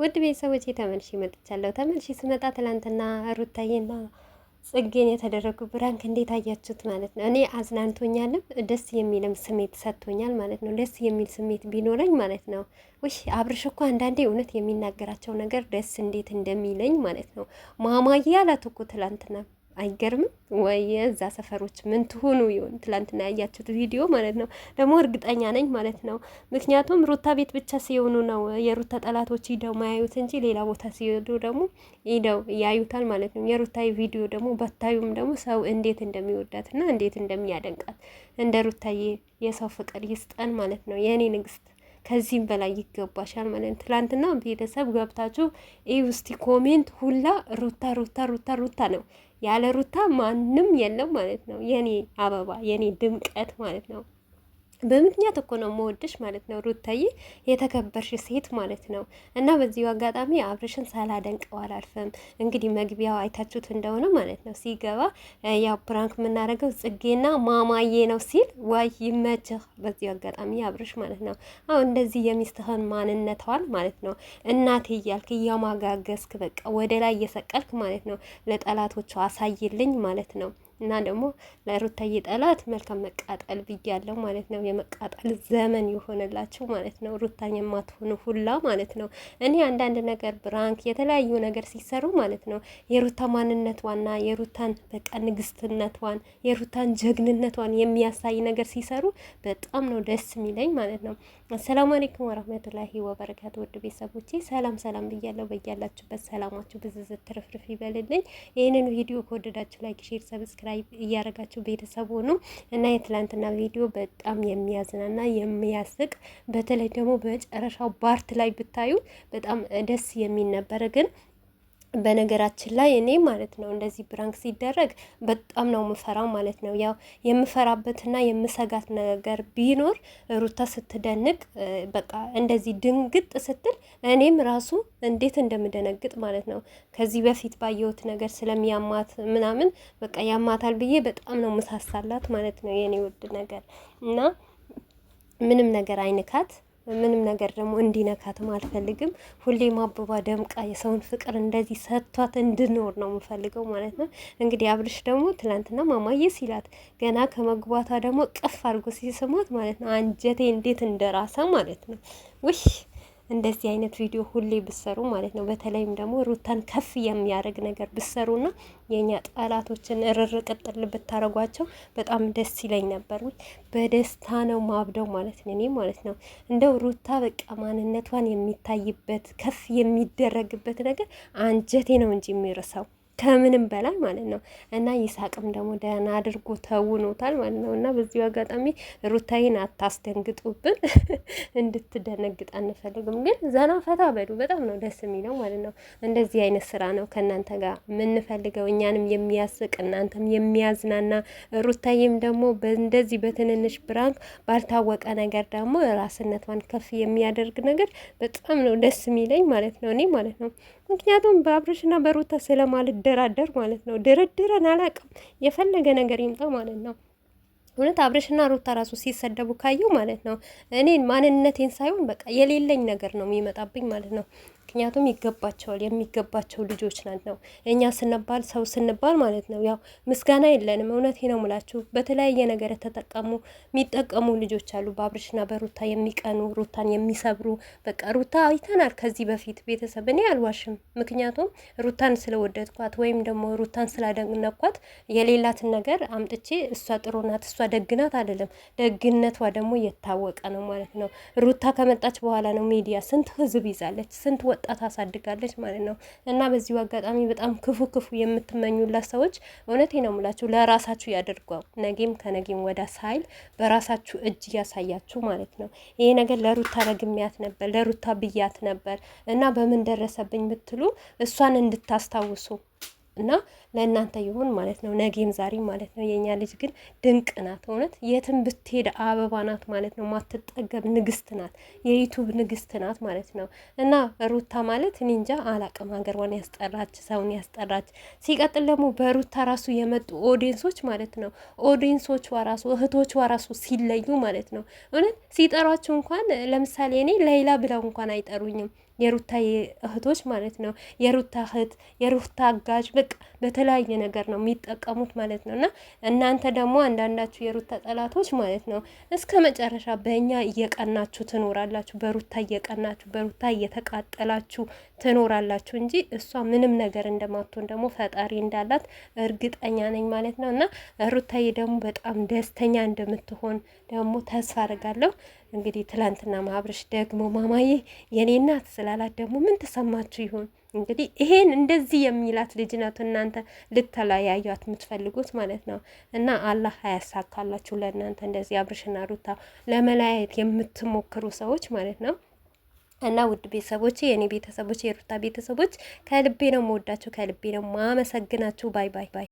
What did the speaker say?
ውድ ቤተሰቦች ተመልሼ መጥቻለሁ። ተመልሼ ስመጣ ትላንትና ሩታዬና ጽጌን የተደረጉ ብራንክ እንዴት አያችሁት ማለት ነው። እኔ አዝናንቶኛልም ደስ የሚልም ስሜት ሰጥቶኛል ማለት ነው። ደስ የሚል ስሜት ቢኖረኝ ማለት ነው። ውሽ አብርሽ እኮ አንዳንዴ እውነት የሚናገራቸው ነገር ደስ እንዴት እንደሚለኝ ማለት ነው። ማማዬ አላት እኮ ትላንትና አይገርምም ወይ? እዛ ሰፈሮች ምን ትሆኑ ይሆን? ትላንትና ያያችሁት ቪዲዮ ማለት ነው። ደግሞ እርግጠኛ ነኝ ማለት ነው። ምክንያቱም ሩታ ቤት ብቻ ሲሆኑ ነው የሩታ ጠላቶች ሂደው ማያዩት እንጂ ሌላ ቦታ ሲሄዱ ደግሞ ሂደው ያዩታል ማለት ነው። የሩታ ቪዲዮ ደግሞ በታዩም ደግሞ ሰው እንዴት እንደሚወዳትና እንዴት እንደሚያደንቃት እንደ ሩታዬ የሰው ፍቅር ይስጠን ማለት ነው። የእኔ ንግስት ከዚህም በላይ ይገባሻል ማለት ነው። ትላንትና ቤተሰብ ገብታችሁ ይህ ውስቲ ኮሜንት ሁላ ሩታ ሩታ ሩታ ሩታ ነው። ያለ ሩታ ማንም የለም ማለት ነው። የኔ አበባ የኔ ድምቀት ማለት ነው። በምክንያት እኮ ነው መወደሽ ማለት ነው ሩታዬ፣ የተከበርሽ ሴት ማለት ነው። እና በዚሁ አጋጣሚ አብርሽን ሳላደንቀው አላልፈም። እንግዲህ መግቢያው አይታችሁት እንደሆነ ማለት ነው ሲገባ ያው ፕራንክ የምናደርገው ጽጌና ማማዬ ነው ሲል ዋይ ይመችህ። በዚሁ አጋጣሚ አብርሽ ማለት ነው አሁን እንደዚህ የሚስትህን ማንነተዋል ማለት ነው እናቴ እያልክ እያማጋገስክ በቃ ወደ ላይ እየሰቀልክ ማለት ነው ለጠላቶቹ አሳይልኝ ማለት ነው። እና ደግሞ ለሩታዬ ጠላት መልካም መቃጠል ብያለሁ ማለት ነው። የመቃጠል ዘመን የሆነላችሁ ማለት ነው። ሩታን የማትሆኑ ሁላ ማለት ነው። እኔ አንዳንድ ነገር ብራንክ፣ የተለያዩ ነገር ሲሰሩ ማለት ነው የሩታ ማንነቷና የሩታን በቃ ንግስትነቷን የሩታን ጀግንነቷን የሚያሳይ ነገር ሲሰሩ በጣም ነው ደስ የሚለኝ ማለት ነው። አሰላሙ አሌይኩም ወረህመቱላሂ ወበረካቱ። ውድ ቤተሰቦቼ ሰላም ሰላም ብያለሁ። በያላችሁበት ሰላማችሁ ብዝዝት ትርፍርፍ ይበልልኝ። ይህንን ቪዲዮ ከወደዳችሁ ላይክ፣ ሼር፣ ሰብስክራ ሰብስክራይብ እያደረጋችሁ ቤተሰብ ሆኑ እና የትላንትና ቪዲዮ በጣም የሚያዝናና የሚያስቅ በተለይ ደግሞ በመጨረሻው ባርት ላይ ብታዩ በጣም ደስ የሚል ግን በነገራችን ላይ እኔ ማለት ነው እንደዚህ ብራንክ ሲደረግ በጣም ነው የምፈራው ማለት ነው። ያው የምፈራበትና የምሰጋት ነገር ቢኖር ሩታ ስትደንቅ በቃ እንደዚህ ድንግጥ ስትል እኔም ራሱ እንዴት እንደምደነግጥ ማለት ነው። ከዚህ በፊት ባየሁት ነገር ስለሚያማት ምናምን በቃ ያማታል ብዬ በጣም ነው ምሳሳላት ማለት ነው የኔ ውድ ነገር እና ምንም ነገር አይንካት። ምንም ነገር ደግሞ እንዲነካትም አልፈልግም። ሁሌም አበባ ደምቃ የሰውን ፍቅር እንደዚህ ሰጥቷት እንድኖር ነው የምፈልገው ማለት ነው። እንግዲህ አብርሽ ደግሞ ትናንትና ማማዬ ሲላት ገና ከመግባቷ ደግሞ ቅፍ አድርጎ ሲስማት ማለት ነው አንጀቴ እንዴት እንደራሰ ማለት ነው ውሽ እንደዚህ አይነት ቪዲዮ ሁሌ ብሰሩ ማለት ነው። በተለይም ደግሞ ሩታን ከፍ የሚያደርግ ነገር ብሰሩና የእኛ ጠላቶችን እርር ቅጥል በጣም ደስ ይለኝ ነበር። በደስታ ነው ማብደው ማለት ነው እኔ ማለት ነው። እንደው ሩታ በቃ ማንነቷን የሚታይበት ከፍ የሚደረግበት ነገር አንጀቴ ነው እንጂ የሚረሳው ከምንም በላይ ማለት ነው እና ይሳቅም ደግሞ ደህና አድርጎ ተውኖታል ማለት ነው እና በዚሁ አጋጣሚ ሩታይን አታስደንግጡብን፣ እንድትደነግጥ አንፈልግም። ግን ዘና ፈታ በሉ፣ በጣም ነው ደስ የሚለው ማለት ነው። እንደዚህ አይነት ስራ ነው ከእናንተ ጋር የምንፈልገው፣ እኛንም የሚያስቅ እናንተም የሚያዝናና ሩታይም ደግሞ እንደዚህ በትንንሽ ብራንክ ባልታወቀ ነገር ደግሞ ራስነቷን ከፍ የሚያደርግ ነገር በጣም ነው ደስ የሚለኝ ማለት ነው እኔ ማለት ነው ምክንያቱም በአብርሽና በሩታ ስለማልደ ሳልደራደር ማለት ነው። ድርድርን አላውቅም። የፈለገ ነገር ይምጣ ማለት ነው። እውነት አብረሽና ሩታ ራሱ ሲሰደቡ ካየው ማለት ነው እኔን ማንነቴን ሳይሆን በቃ የሌለኝ ነገር ነው የሚመጣብኝ ማለት ነው። ምክንያቱም ይገባቸዋል፣ የሚገባቸው ልጆች ናት ነው። እኛ ስንባል ሰው ስንባል ማለት ነው ያው ምስጋና የለንም። እውነቴ ነው ምላችሁ። በተለያየ ነገር ተጠቀሙ የሚጠቀሙ ልጆች አሉ፣ በአብርሽና በሩታ የሚቀኑ ሩታን የሚሰብሩ። በቃ ሩታ አይተናል ከዚህ በፊት ቤተሰብ። እኔ አልዋሽም፣ ምክንያቱም ሩታን ስለወደድኳት ወይም ደግሞ ሩታን ስላደነኳት የሌላትን ነገር አምጥቼ እሷ ጥሩ ናት እሷ ደግናት አይደለም፣ ደግነቷ ደግሞ የታወቀ ነው ማለት ነው። ሩታ ከመጣች በኋላ ነው ሚዲያ ስንት ህዝብ ይዛለች ስንት ወጣት አሳድጋለች ማለት ነው። እና በዚሁ አጋጣሚ በጣም ክፉ ክፉ የምትመኙላት ሰዎች እውነቴ ነው የምላችሁ ለራሳችሁ ያደርጓው ነጌም ከነጌም ወደ ሳይል በራሳችሁ እጅ እያሳያችሁ ማለት ነው። ይሄ ነገር ለሩታ ረግሚያት ነበር ለሩታ ብያት ነበር እና በምን ደረሰብኝ ብትሉ እሷን እንድታስታውሱ እና ለእናንተ ይሁን ማለት ነው። ነገም ዛሬ ማለት ነው። የእኛ ልጅ ግን ድንቅ ናት። እውነት የትም ብትሄድ አበባ ናት ማለት ነው። ማትጠገብ ንግስት ናት። የዩቱብ ንግስት ናት ማለት ነው። እና ሩታ ማለት ኒንጃ አላቅም፣ ሀገሯን ያስጠራች፣ ሰውን ያስጠራች። ሲቀጥል ደግሞ በሩታ ራሱ የመጡ ኦዲንሶች ማለት ነው። ኦዲንሶቿ ራሱ እህቶቿ ራሱ ሲለዩ ማለት ነው። እውነት ሲጠሯቸው እንኳን ለምሳሌ እኔ ሌላ ብለው እንኳን አይጠሩኝም የሩታ እህቶች ማለት ነው። የሩታ እህት፣ የሩታ አጋዥ በቃ በተለያየ ነገር ነው የሚጠቀሙት ማለት ነው። እና እናንተ ደግሞ አንዳንዳችሁ የሩታ ጠላቶች ማለት ነው እስከ መጨረሻ በእኛ እየቀናችሁ ትኖራላችሁ፣ በሩታ እየቀናችሁ፣ በሩታ እየተቃጠላችሁ ትኖራላችሁ እንጂ እሷ ምንም ነገር እንደማትሆን ደግሞ ፈጣሪ እንዳላት እርግጠኛ ነኝ ማለት ነው። እና ሩታዬ ደግሞ በጣም ደስተኛ እንደምትሆን ደግሞ ተስፋ አድርጋለሁ። እንግዲህ ትላንትና ማብረሽ ደግሞ ማማዬ የኔ እናት ስላላት ደግሞ ምን ተሰማችሁ ይሆን? እንግዲህ ይሄን እንደዚህ የሚላት ልጅ ናት እናንተ ልተለያዩት የምትፈልጉት ማለት ነው። እና አላህ አያሳካላችሁ ለእናንተ እንደዚህ አብርሽና ሩታ ለመለያየት የምትሞክሩ ሰዎች ማለት ነው። እና ውድ ቤተሰቦች፣ የእኔ ቤተሰቦች፣ የሩታ ቤተሰቦች ከልቤ ነው መወዳችሁ፣ ከልቤ ነው ማመሰግናችሁ። ባይ ባይ ባይ